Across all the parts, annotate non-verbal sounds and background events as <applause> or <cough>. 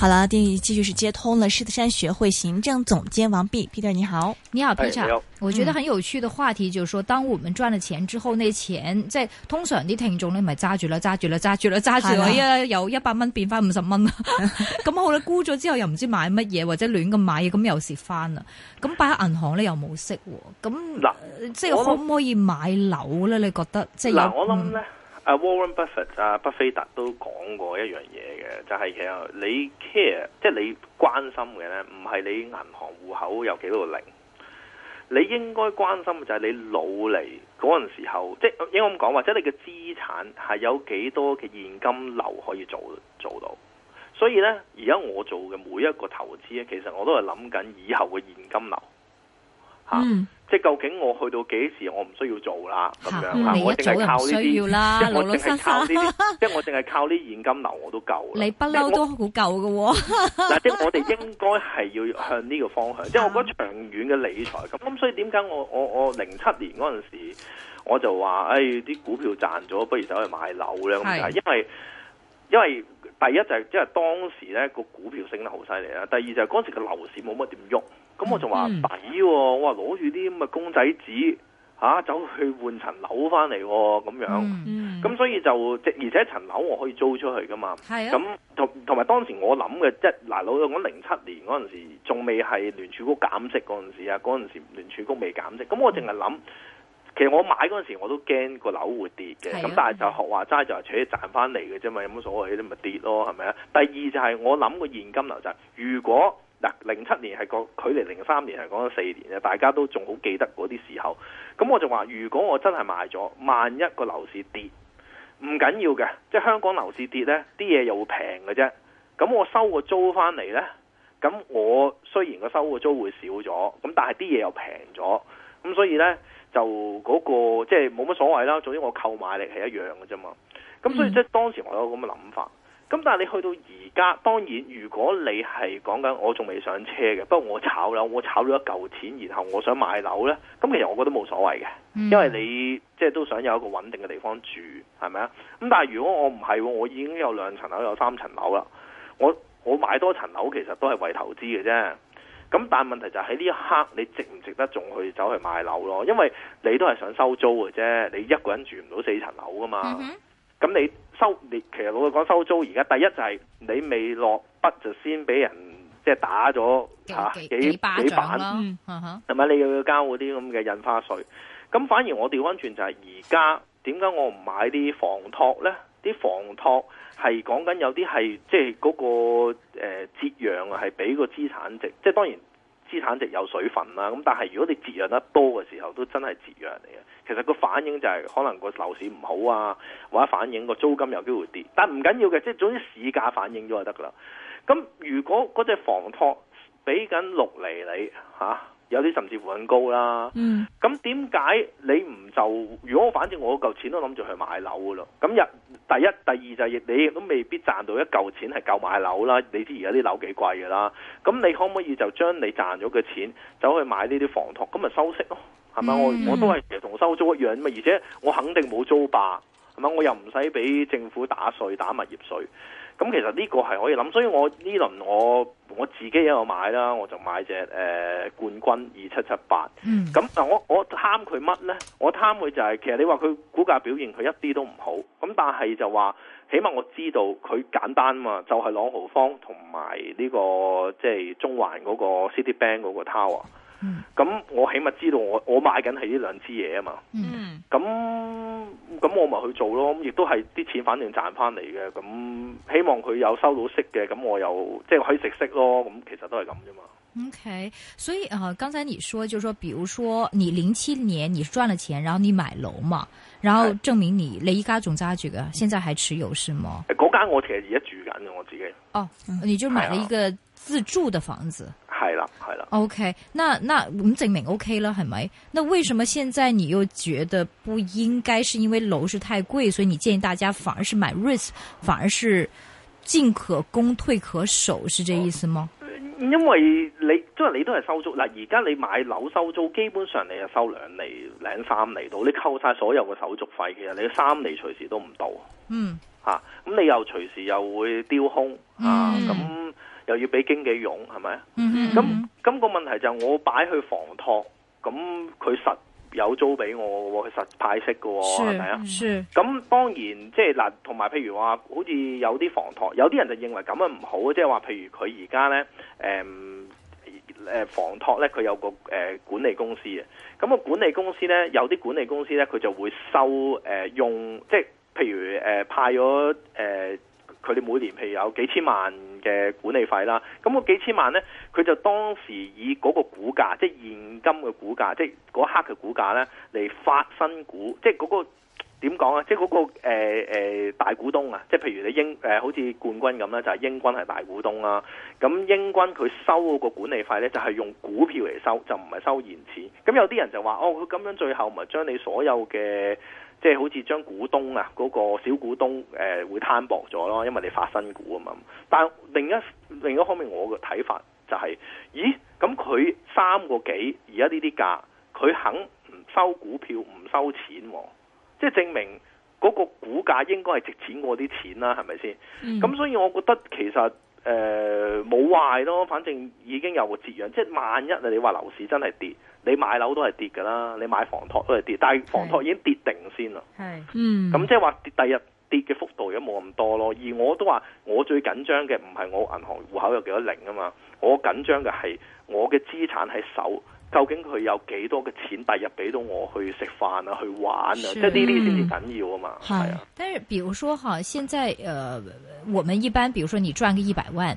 好了，第繼續是接通了獅子山學會行政總監王弼 Peter，你好，你好 hey, Peter，、I'm、我覺得很有趣的話題，就是說、嗯，當我們賺了錢之後，那錢即係通常啲聽眾咧咪揸住啦，揸住啦，揸住啦，揸住啦，有一百蚊變翻五十蚊啦，咁好啦，沽咗之後又唔知買乜嘢，或者亂咁買嘢，咁又蝕翻啦，咁擺喺銀行咧又冇息，咁即係可唔可以買樓咧？你覺得即係？嗱，我諗咧。Warren Buffett，巴菲特都講過一樣嘢嘅，就係其實你 care，即係你關心嘅咧，唔係你銀行戶口有幾多個零，你應該關心嘅就係你老嚟嗰陣時候，即係應該咁講，或者你嘅資產係有幾多嘅現金流可以做做到。所以呢，而家我做嘅每一個投資咧，其實我都係諗緊以後嘅現金流。嗯，即係究竟我去到幾時，我唔需要做啦，咁樣我淨係靠呢啲，即我淨係靠呢啲，即係我淨係靠啲 <laughs> 現金流我都夠啦。你不嬲都估夠噶，嗱，即 <laughs> 我哋應該係要向呢個方向，即 <laughs> 係我覺得長遠嘅理財咁。咁所以點解我我我零七年嗰陣時，我，我，時我就話，誒、哎，啲股票賺咗，不如走去買樓咧咁解，因為因為第一就係因為當時咧個股票升得好犀利啦，第二就係嗰陣時嘅樓市冇乜點喐。咁、嗯嗯、我就話抵喎，我話攞住啲咁嘅公仔紙、啊、走去換層樓返嚟喎。咁樣，咁、嗯嗯、所以就即而且層樓我可以租出去㗎嘛。係咁，同同埋當時我諗嘅，即嗱老、呃、我講零七年嗰陣時，仲未係聯儲局減息嗰陣時啊，嗰陣時聯儲局未減息。咁我淨係諗，其實我買嗰陣時我都驚個樓會跌嘅。係咁、啊、但係就學話齋、啊，就係扯啲賺翻嚟嘅啫嘛，有乜所謂？啲咪跌咯，係咪啊？第二就係、是、我諗個現金流就係、是嗱，零七年係個距離零三年係講咗四年嘅，大家都仲好記得嗰啲時候。咁我就話，如果我真係賣咗，萬一個樓市跌，唔緊要嘅，即係香港樓市跌呢啲嘢又會平嘅啫。咁我收個租翻嚟呢，咁我雖然個收個租會少咗，咁但係啲嘢又平咗，咁所以呢，就嗰個即係冇乜所謂啦。總之我購買力係一樣嘅啫嘛。咁所以即係當時我有咁嘅諗法。咁、嗯、但係你去到而家，當然如果你係講緊我仲未上車嘅，不過我炒樓，我炒咗一嚿錢，然後我想買樓呢。咁其實我覺得冇所謂嘅，因為你即係都想有一個穩定嘅地方住，係咪啊？咁但係如果我唔係，我已經有兩層樓，有三層樓啦，我我買多層樓其實都係為投資嘅啫。咁但係問題就係，呢一刻，你值唔值得仲去走去買樓咯？因為你都係想收租嘅啫，你一個人住唔到四層樓噶嘛？Mm-hmm. 咁你收，你其實老實講收租，而家第一就係你未落筆就先俾人即係打咗吓幾、啊、幾，幾，幾板，係、嗯、咪、uh -huh. 你要交嗰啲咁嘅印花稅？咁反而我調翻轉就係而家，點解我唔買啲房託咧？啲房託係講緊有啲係即係嗰個誒折、呃、讓啊，係俾個資產值，即係當然。資產值有水分啦，咁但係如果你節約得多嘅時候，都真係節約嚟嘅。其實個反應就係可能個樓市唔好啊，或者反映個租金有機會跌，但唔緊要嘅，即係總之市價反應咗就得噶啦。咁如果嗰隻房託俾緊六厘你嚇？啊有啲甚至乎很高啦，咁點解你唔就？如果我反正我嚿錢都諗住去買樓噶咯，咁入第一、第二就係你都未必賺到一嚿錢係夠買樓啦。你知而家啲樓幾貴噶啦，咁你可唔可以就將你賺咗嘅錢走去買呢啲房託？咁咪收息咯？係咪、嗯、我我都係同收租一樣啊嘛？而且我肯定冇租霸，係咪？我又唔使俾政府打稅、打物業稅。咁其實呢個係可以諗，所以我呢輪我我自己有買啦，我就買隻誒、呃、冠軍二七七八。咁我我貪佢乜呢？我貪佢就係、是、其實你話佢股價表現佢一啲都唔好，咁但係就話起碼我知道佢簡單嘛，就係朗豪坊同埋呢個即係中環嗰個 Citibank 嗰個 Tower。咁、嗯、我起碼知道我我買緊係呢兩支嘢啊嘛，咁、嗯、咁我咪去做咯，亦都係啲錢反正賺翻嚟嘅，咁希望佢有收到息嘅，咁我又即係可以食息咯，咁其實都係咁啫嘛。OK，所以啊，剛、呃、才你說，就說，比如說你零七年你賺了錢，然後你買樓嘛，然後證明你呢家仲揸住嘅，現在還持有是嗎？嗰、呃、間我其實而家住緊嘅，我自己。哦，你就買了一個自住的房子。係啦，係啦。O、okay, K，那那，那我們證明 O K 啦，係咪？那為什麼現在你又覺得不應該？是因為樓是太貴，所以你建議大家反而是買 risk，反而是進可攻退可守，是這意思嗎？因為你即係你都係收租嗱，而家你買樓收租，基本上你就收兩厘、兩三厘度，你扣晒所有嘅手續費，其實你三厘隨時都唔到。嗯，吓、啊、咁你又隨時又會丟空、嗯、啊咁。那又要俾經紀傭係咪？咁咁、嗯嗯那個問題就係我擺去房託，咁佢實有租俾我喎，佢實派息嘅喎，係咪啊？咁當然即係嗱，同埋譬如話，好似有啲房託，有啲人就認為咁樣唔好，即係話譬如佢而家咧，誒、呃、誒房託咧，佢有個誒、呃、管理公司嘅，咁、那個管理公司咧，有啲管理公司咧，佢就會收誒、呃、用，即係譬如誒、呃、派咗誒。呃佢哋每年譬如有幾千萬嘅管理費啦，咁嗰幾千萬呢，佢就當時以嗰個股價，即係現金嘅股價，即係嗰刻嘅股價呢，嚟發新股，即係、那、嗰個點講啊？即係、那、嗰個誒、呃呃、大股東啊，即係譬如你英誒、呃，好似冠軍咁啦，就係、是、英軍係大股東啦。咁英軍佢收嗰個管理費呢，就係、是、用股票嚟收，就唔係收現錢。咁有啲人就話：哦，佢咁樣最後咪將你所有嘅。即係好似將股東啊嗰、那個小股東誒會攤薄咗咯，因為你發新股啊嘛。但另一另一方面，我個睇法就係、是，咦？咁佢三個幾而家呢啲價，佢肯唔收股票唔收錢，即係證明嗰個股價應該係值錢過啲錢啦，係咪先？咁、嗯、所以我覺得其實。好壞咯，反正已經有個折讓，即、就、係、是、萬一你話樓市真係跌，你買樓都係跌噶啦，你買房託都係跌，但係房託已經跌定先啦。係，嗯，咁即係話第日跌嘅幅度如果冇咁多咯，而我都話我最緊張嘅唔係我銀行戶口有幾多零啊嘛，我緊張嘅係我嘅資產喺手，究竟佢有幾多嘅錢第日俾到我去食飯啊，去玩啊，即係呢啲先至緊要啊嘛。係、嗯啊，但係比如說哈，現在，呃，我們一般，比如說你賺個一百萬。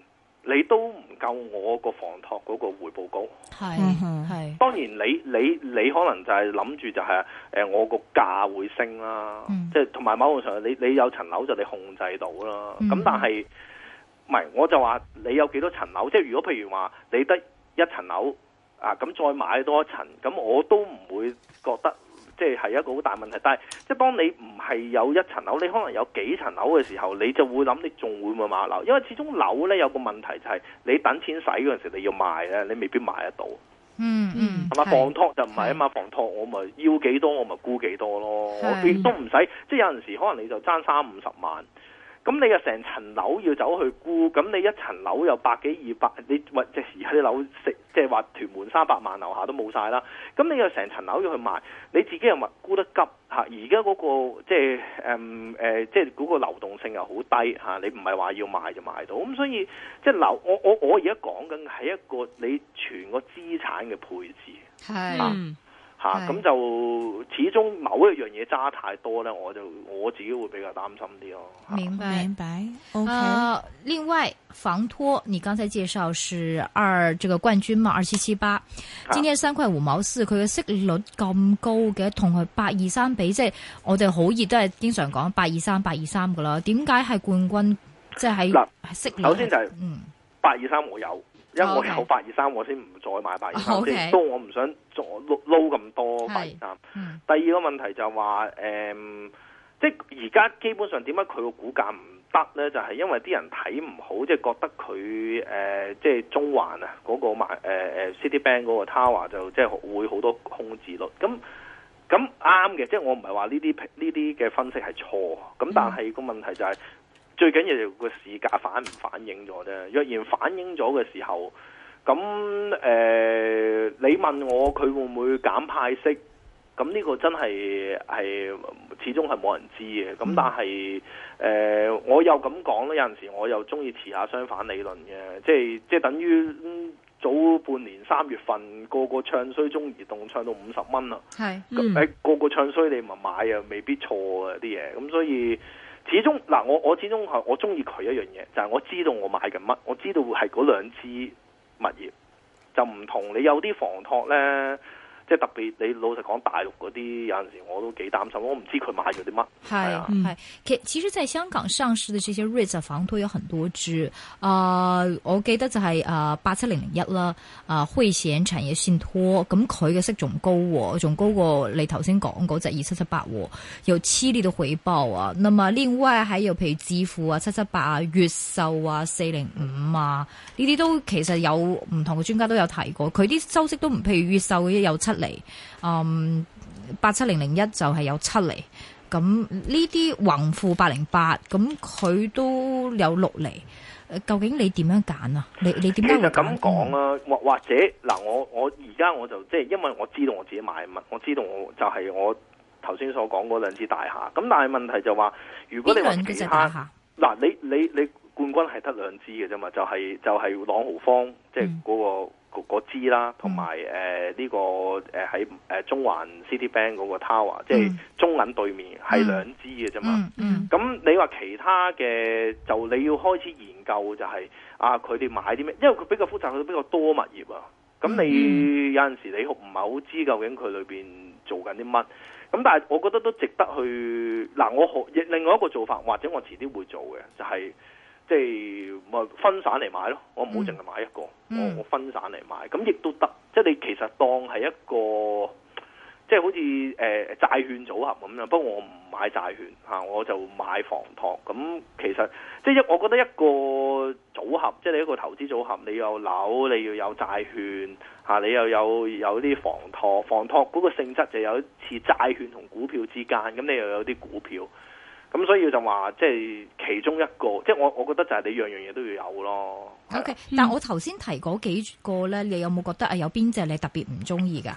你都唔夠我個房託嗰個回報高，係係、嗯。當然你你你可能就係諗住就係誒我個價會升啦，即係同埋某種程度上你你有層樓就你控制到啦。咁、嗯、但係唔係我就話你有幾多層樓？即、就、係、係、如果譬如話你得一層樓啊，咁再買多一層，咁我都唔會覺得。即係係一個好大問題，但係即係當你唔係有一層樓，你可能有幾層樓嘅時候，你就會諗你仲會唔會買樓？因為始終樓呢，有個問題就係、是、你等錢使嗰陣時，你要賣呢，你未必賣得到。嗯嗯，係嘛？房託就唔係啊嘛，房託我咪要幾多我咪沽幾多咯，我亦都唔使。即係有陣時候可能你就爭三五十萬。咁你又成層樓要走去估，咁你一層樓又百幾二百，你或即係你樓，即係話屯門三百萬樓下都冇晒啦。咁你又成層樓要去賣，你自己又話估得急吓。而家嗰個即係誒誒，即係嗰，嗯呃、個流動性又好低吓，你唔係話要賣就賣到。咁所以即係樓，我我我而家講緊係一個你全個資產嘅配置係。吓、啊，咁就始終某一樣嘢揸太多咧，我就我自己會比較擔心啲咯、啊。明白、啊、明白，OK、啊。另外，房託你剛才介紹是二，這個冠軍嘛，二七七八，今天三塊五毛四，佢嘅息率咁高嘅，同佢八二三比，即、就、係、是、我哋好熱都係經常講八二三八二三噶啦。點解係冠軍？即係喺息率首先就係嗯八二三我有。嗯因為我有八二三，我先唔再買八二三先。都我唔想再撈撈咁多八二三。第二個問題就係話即係而家基本上點解佢個股價唔得咧？就係、是、因為啲人睇唔好，即、就、係、是、覺得佢誒即係中環啊、那、嗰個萬誒、呃、Citibank 嗰個 Tower 就即係、就是、會好多空置率。咁咁啱嘅，即係、就是、我唔係話呢啲呢啲嘅分析係錯。咁但係個問題就係、是。嗯最緊要個市價反唔反映咗啫。若然反映咗嘅時候，咁誒、呃，你問我佢會唔會減派息？咁呢個真係係始終係冇人知嘅。咁但係誒、嗯呃，我又咁講啦。有陣時候我又中意持下相反理論嘅，即係即係等於早半年三月份個個唱衰中移動唱到五十蚊啦。係，誒、嗯、個個唱衰你咪買又未必錯啊啲嘢。咁所以。始終嗱，我我始終係我中意佢一樣嘢，就係、是、我知道我買緊乜，我知道係嗰兩支物業，就唔同你有啲房託咧。即係特別，你老實講大陸嗰啲有陣時我都幾擔心，我唔知佢買咗啲乜。係係，其、啊嗯、其實在香港上市嘅這些 r REITs 房託有很多支，啊、呃，我記得就係啊八七零零一啦，啊匯賢產業信託，咁佢嘅息仲高、哦，仲高過你頭先講嗰隻二七七八，又黐呢啲回報啊。咁啊，另外喺又譬如置富啊七七八啊越秀啊四零五啊呢啲都其實有唔同嘅專家都有提過，佢啲收息都唔譬如越秀嘅有七。嚟、嗯，八七零零一就係有七厘，咁呢啲泓富八零八，咁佢都有六厘。究竟你點樣揀啊？你你點解會？其實咁講啊，或或者嗱，我我而家我就即係，因為我知道我自己買乜，我知道我就係我頭先所講嗰兩支大廈，咁但係問題就話、是，如果你兩隻大廈，嗱，你你你冠君係得兩支嘅啫嘛，就係、是、就係、是、朗豪坊，即係嗰個。嗯個支啦，同埋誒呢個誒喺誒中環 City Bank 嗰個 Tower，即、嗯、係、就是、中銀對面，係、嗯、兩支嘅啫嘛。咁、嗯嗯、你話其他嘅就你要開始研究、就是，就係啊，佢哋買啲咩？因為佢比較複雜，佢都比較多物業啊。咁你、嗯、有陣時你唔係好知究竟佢裏邊做緊啲乜。咁但係我覺得都值得去。嗱，我學另外一個做法，或者我遲啲會做嘅，就係、是。即係咪分散嚟買咯？我唔好淨係買一個，嗯、我分散嚟買，咁亦都得。即係你其實當係一個，即係好似誒債券組合咁樣。不過我唔買債券吓，我就買房託。咁其實即係一，就是、我覺得一個組合，即係你一個投資組合，你有樓，你要有債券吓，你要有你又有有啲房託。房託嗰個性質就有似債券同股票之間，咁你又有啲股票。咁所以就話，即係其中一個，即係我我覺得就係你樣樣嘢都要有咯。OK，但我頭先提嗰幾個咧，你有冇覺得啊？有邊隻你特別唔中意噶？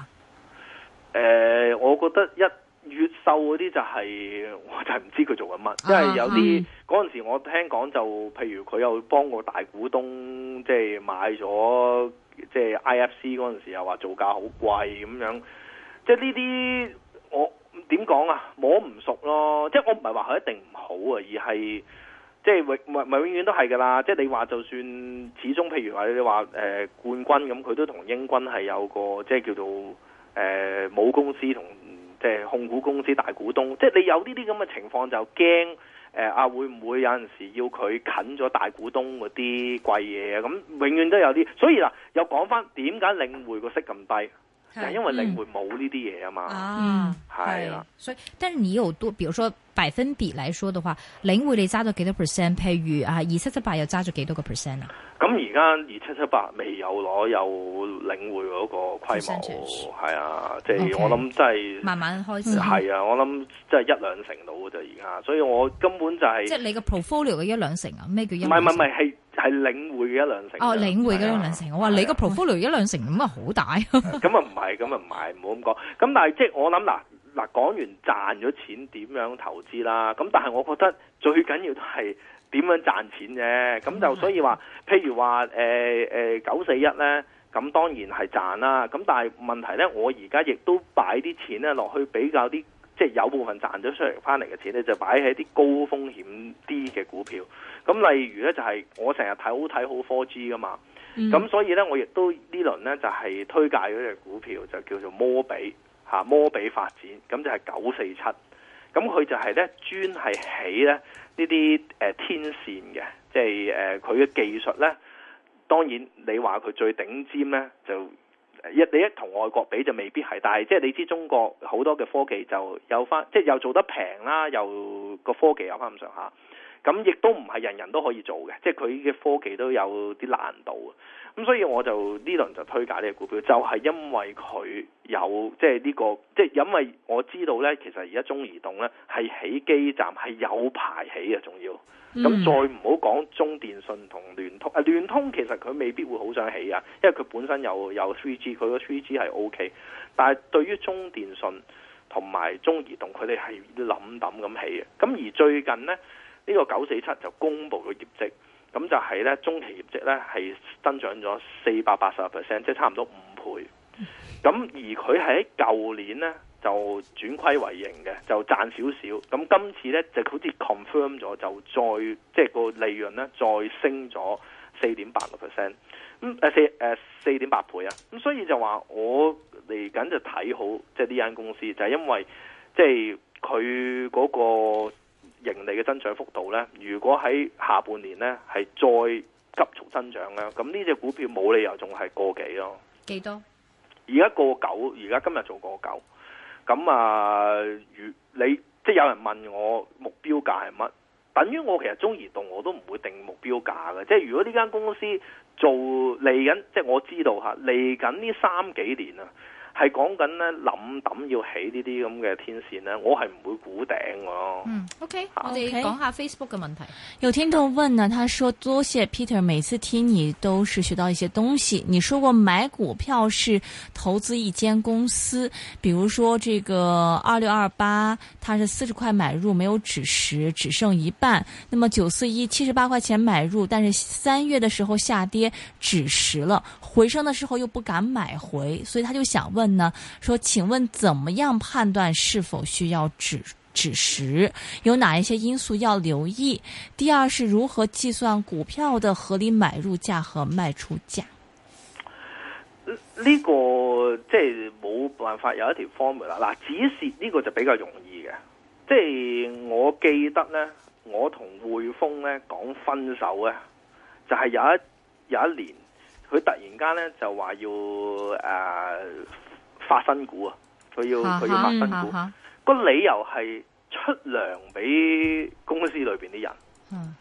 誒，我覺得一越秀嗰啲就係、是，我就唔知佢做緊乜，因、啊、係有啲嗰陣時我聽講就，譬如佢有幫個大股東即係買咗，即係 I F C 嗰陣時又話造價好貴咁樣，即係呢啲我。點講啊？摸唔熟咯，即係我唔係話佢一定唔好啊，而係即係永咪咪永遠都係㗎啦。即係你話就算始終譬如話你話誒、呃、冠軍咁，佢都同英軍係有個即係叫做誒、呃、母公司同即係控股公司大股東。即係你有呢啲咁嘅情況就驚誒、呃、啊，會唔會有陣時候要佢近咗大股東嗰啲貴嘢啊？咁永遠都有啲，所以嗱又講翻點解領匯個息咁低？就、嗯、因為領匯冇呢啲嘢啊嘛，係、啊、啦、啊，所以，但是你又多，比如說百分比嚟說嘅話，領匯你揸咗幾多 percent？譬如啊，二七七八又揸咗幾多個 percent 啊？咁而家二七七八未有攞，有領匯嗰個規模，係啊，即、就、係、是 okay, 我諗真係慢慢開始，係、嗯、啊，我諗真係一兩成到嘅啫，而家，所以我根本就係即係你個 portfolio 嘅一兩成啊？咩叫一兩成？唔係唔係係。係領匯嘅一兩成的，哦、啊、領匯嘅、啊啊、一兩成、嗯 <laughs> 說，我話你個 portfolio 一兩成，咁啊好大。咁啊唔係，咁啊唔係，唔好咁講。咁但係即我諗嗱嗱講完賺咗錢點樣投資啦。咁但係我覺得最緊要都係點樣賺錢啫。咁就、嗯、所以話，譬如話誒誒九四一咧，咁、呃呃、當然係賺啦。咁但係問題咧，我而家亦都擺啲錢咧落去比較啲，即有部分賺咗出嚟翻嚟嘅錢咧，就擺喺啲高風險啲嘅股票。咁例如咧就係我成日睇好睇好科技噶嘛，咁、嗯、所以咧我亦都輪呢輪咧就係、是、推介嗰隻股票就叫做摩比吓摩比發展，咁就係九四七，咁佢就係咧專係起咧呢啲誒天線嘅，即係誒佢嘅技術咧，當然你話佢最頂尖咧就一你一同外國比就未必係，但係即係你知中國好多嘅科技就有翻，即、就、係、是、又做得平啦，又個科技有翻咁上下。咁亦都唔係人人都可以做嘅，即係佢嘅科技都有啲難度啊！咁所以我就呢輪就推介呢個股票，就係因為佢有即係呢個，即係因為我知道呢，其實而家中移動呢係起基站係有排起嘅，仲要咁再唔好講中電信同聯通啊！聯通其實佢未必會好想起啊，因為佢本身有有三 G，佢個3 G 係 O K，但係對於中電信同埋中移動，佢哋係諗諗咁起嘅。咁而最近呢。呢、呢個九四七就公布個業績，咁就係咧中期業績咧係增長咗四百八十 percent，即係差唔多五倍。咁而佢喺舊年咧就轉虧為盈嘅，就賺少少。咁今次咧就好似 confirm 咗，就再即係、就係、個利潤咧再升咗四點八個 percent，咁誒四誒四點八倍啊。咁所以就話我嚟緊就睇好即係呢間公司，就係、係、因為即係佢嗰個。盈利嘅增長幅度呢，如果喺下半年呢，係再急速增長呢。咁呢隻股票冇理由仲係過幾咯？幾多？而家過九，而家今日做過九。咁、呃、啊，如你即係有人問我目標價係乜？等於我其實中移動我都唔會定目標價嘅。即係如果呢間公司做嚟緊，即係我知道吓嚟緊呢三幾年啊。係講緊呢，諗抌要起呢啲咁嘅天線呢。我係唔會估頂嘅、啊。嗯 okay,、啊、，OK，我哋講下 Facebook 嘅問題。有聽眾問呢，他說多謝 Peter，每次聽你都是學到一些東西。你說過買股票是投資一間公司，比如說這個二六二八，它是四十塊買入，沒有止蝕，只剩一半。那麼九四一，七十八塊錢買入，但是三月的時候下跌止蝕了，回升的時候又不敢買回，所以他就想問。問呢？說，請問，怎麼樣判斷是否需要止止蝕？有哪一些因素要留意？第二是如何計算股票的合理買入價和賣出價？呢、這個即係冇辦法有一條 formula 啦。嗱，止蝕呢個就比較容易嘅。即係我記得呢，我同匯豐呢講分手啊，就係、是、有一有一年，佢突然間呢就話要誒。呃發新股啊！佢要佢要發新股，uh -huh, uh -huh. 個理由係出糧俾公司裏邊啲人。嗯，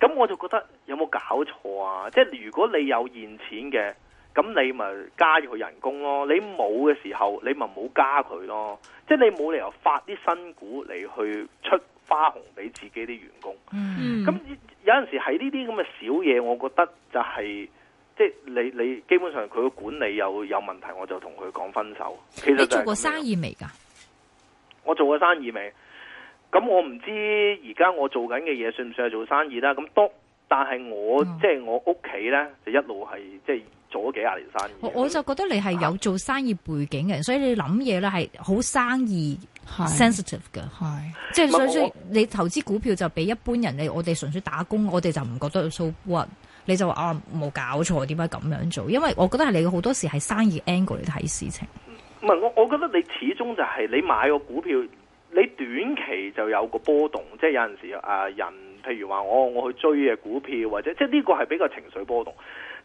咁我就覺得有冇搞錯啊？即係如果你有現錢嘅，咁你咪加佢人工咯；你冇嘅時候，你咪冇加佢咯。即係你冇理由發啲新股嚟，去出花紅俾自己啲員工。嗯，咁有陣時喺呢啲咁嘅小嘢，我覺得就係。即係你你基本上佢嘅管理有有問題，我就同佢講分手。其實你做過生意未噶？我做過生意未？咁我唔知而家我做緊嘅嘢算唔算係做生意啦？咁多，但係我、嗯、即係我屋企咧就一路係即係做咗幾廿年生意。我就覺得你係有做生意背景嘅，所以你諗嘢咧係好生意 sensitive 嘅，係即係所以你投資股票就比一般人，你我哋純粹打工，我哋就唔覺得 so what。你就話啊冇搞錯點解咁樣做？因為我覺得係你好多時係生意 angle 嚟睇事情。唔係我，我覺得你始終就係你買個股票，你短期就有個波動，即係有陣時、呃、人，譬如話我、哦、我去追嘅股票，或者即係呢個係比較情緒波動。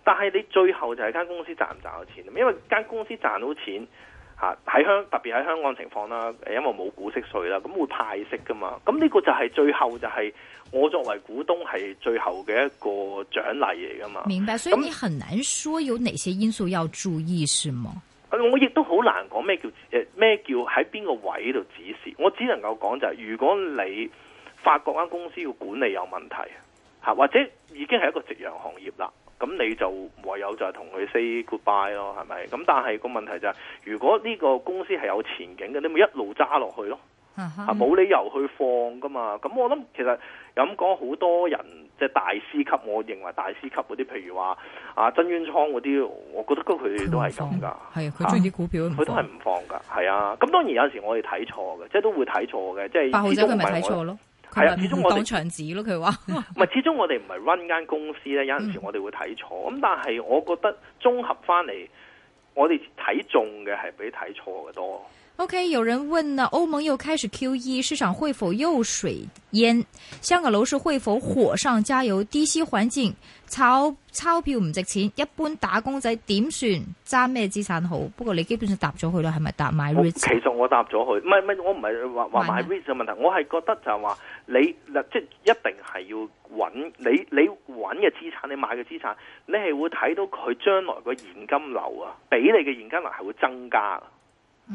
但係你最後就係間公司賺唔賺到錢，因為間公司賺到錢。喺香特別喺香港情況啦，誒，因為冇股息稅啦，咁會派息噶嘛，咁呢個就係最後就係我作為股東係最後嘅一個獎勵嚟噶嘛。明白，所以你很難說有哪些因素要注意，是嗎、嗯、我也很難說什麼我亦都好難講咩叫誒咩叫喺邊個位度指示，我只能夠講就係、是、如果你發覺間公司嘅管理有問題，吓或者已經係一個夕陽行業啦。咁你就唯有就係同佢 say goodbye 咯，係咪？咁但係個問題就係、是，如果呢個公司係有前景嘅，你咪一路揸落去咯，冇、uh -huh. 理由去放噶嘛。咁我諗其實咁講，好多人即係大師級，我認為大師級嗰啲，譬如話啊曾淵滄嗰啲，我覺得佢哋都係咁噶，係佢中意啲股票，佢都係唔放噶。係啊，咁當然有時我哋睇錯嘅，即係都會睇錯嘅，即係八號仔佢咪睇錯咯。係啊，始終我擋牆紙咯，佢話唔係始終我哋唔係 run 間公司咧，有陣時我哋會睇錯，咁、嗯、但係我覺得綜合翻嚟，我哋睇中嘅係比睇錯嘅多。O.K. 有人問呢？歐盟又開始 Q.E. 市場會否又水淹？香港樓市會否火上加油？低息環境炒鈔票唔值錢，一般打工仔點算？揸咩資產好？不過你基本上答咗佢啦，係咪答買 risk？其實我答咗佢，唔係唔係，我唔係話話買 risk 嘅問題，我係覺得就係話你即、就是、一定係要穩你你穩嘅資產，你買嘅資產，你係會睇到佢將來個現金流啊，俾你嘅現金流係會增加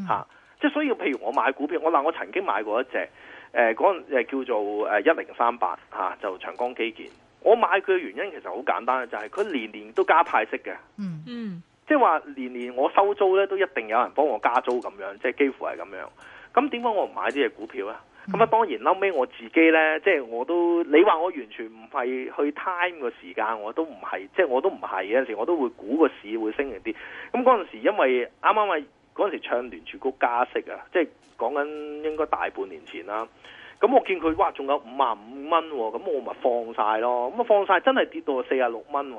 吓。嗯即係所以，譬如我買股票，我嗱，我曾經買過一隻，誒嗰陣誒叫做誒一零三八嚇，就長江基建。我買佢嘅原因其實好簡單，就係佢年年都加派息嘅。嗯嗯，即係話年年我收租咧都一定有人幫我加租咁樣，即係幾乎係咁樣。咁點解我唔買啲嘅股票咧？咁啊當然後尾我自己咧，即係我都你話我完全唔係去 time 個時間，我都唔係，即係我都唔係有時我都會估個市會升嘅啲。咁嗰陣時因為啱啱啊。嗰陣時唱聯儲局加息啊，即係講緊應該大半年前啦。咁我見佢哇，仲有五萬五蚊喎，咁我咪放晒咯。咁啊放晒，真係跌到四十六蚊喎。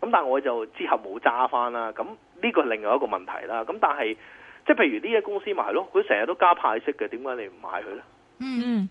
咁但係我就之後冇揸翻啦。咁呢個係另外一個問題啦。咁但係即係譬如呢間公司買咯，佢成日都加派息嘅，點解你唔買佢咧？嗯，嗯。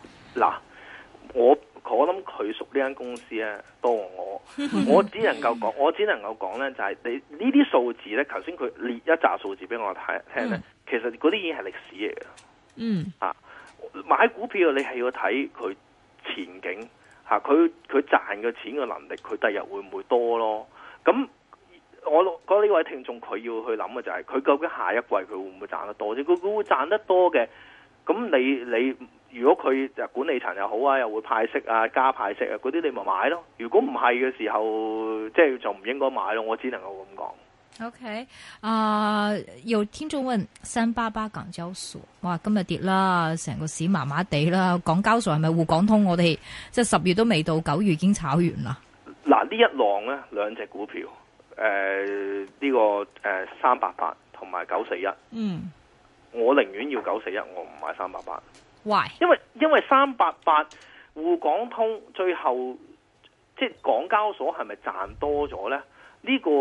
嗱，我我諗佢屬呢間公司咧多和我，我只能夠講，我只能夠講咧就係、是、你這些數呢啲數字咧，頭先佢列一紮數字俾我睇聽咧，其實嗰啲已經係歷史嚟嘅。嗯，吓、啊、買股票你係要睇佢前景吓，佢佢賺嘅錢嘅能力，佢第日會唔會多咯？咁我得呢位聽眾佢要去諗嘅就係、是，佢究竟下一季佢會唔會賺得多？佢佢會賺得多嘅，咁你你。你如果佢管理層又好啊，又會派息啊，加派息啊，嗰啲你咪買咯。如果唔係嘅時候，即、嗯、係就唔應該買咯。我只能夠咁講。O K 啊，有聽眾問三八八港交所，哇，今日跌啦，成個市麻麻地啦。港交所係咪滬港通？我哋即係十月都未到，九月已經炒完啦。嗱，呢一浪呢兩隻股票，誒、呃、呢、這個誒三八八同埋九四一。呃、941，嗯，我寧願要九四一，我唔買三八八。Why? 因為因為三八八滬港通最後即係港交所係咪賺多咗呢？呢、呢個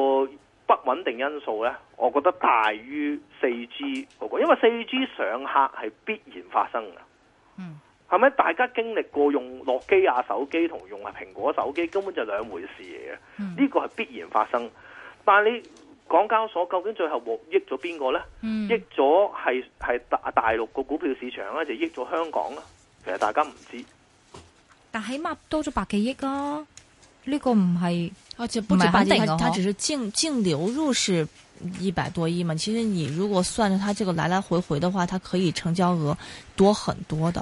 不穩定因素呢，我覺得大於四 G、嗰個，因為四 G 上客係必然發生嘅。係、嗯、咪大家經歷過用諾基亞手機同用啊蘋果手機根本就兩回事嚟嘅？呢、嗯呢個係必然發生，但係你。港交所究竟最後獲益咗邊個咧？益咗係係大大陸個股票市場咧，就益咗香港啦。其實大家唔知，但起碼多咗百幾億咯。呢、這個唔係，唔係唔穩定，它只是淨淨流入是一百多億嘛、嗯。其實你如果算咗它這個來來回回的話，它可以成交額多很多的。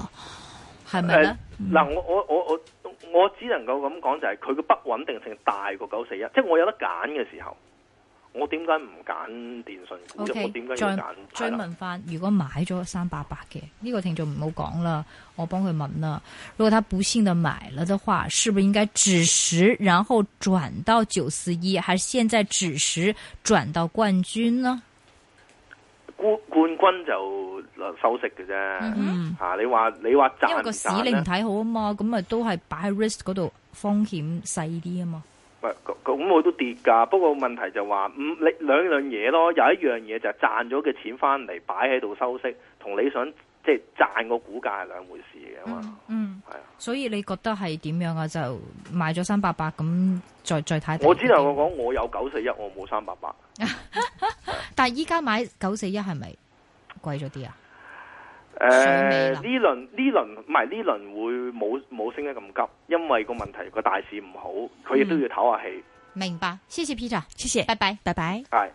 係咪咧？我我我我我只能夠咁講，就係佢嘅不穩定性大過九四一。即係我有得揀嘅時候。我點解唔揀電信？Okay, 我點解要揀？再再問翻，如果買咗三八八嘅呢個聽眾唔好講啦，我幫佢問啦。如果他不幸地買了的話，是不是應該止蝕，然後轉到九四一，還是現在止蝕轉到冠軍呢？冠軍就收息嘅啫，吓、嗯嗯啊、你話你話賺唔賺咧？因為個市你唔睇好啊嘛，咁啊都係擺喺 risk 嗰度，風險細啲啊嘛。咁我都跌噶。不過問題就話，嗯你兩樣嘢咯，有一樣嘢就係賺咗嘅錢翻嚟擺喺度收息，同你想即係賺個股價係兩回事嘅嘛。嗯，係啊。所以你覺得係點樣啊？就買咗三百八咁，再再睇。我知道我講我有九四一，我冇三百八。但係依家買九四一係咪貴咗啲啊？誒、呃，呢輪呢輪唔係呢輪會冇冇升得咁急，因為個問題，個大市唔好，佢亦都要唞下氣。明白，謝謝 Peter，謝謝，拜拜，拜拜，係。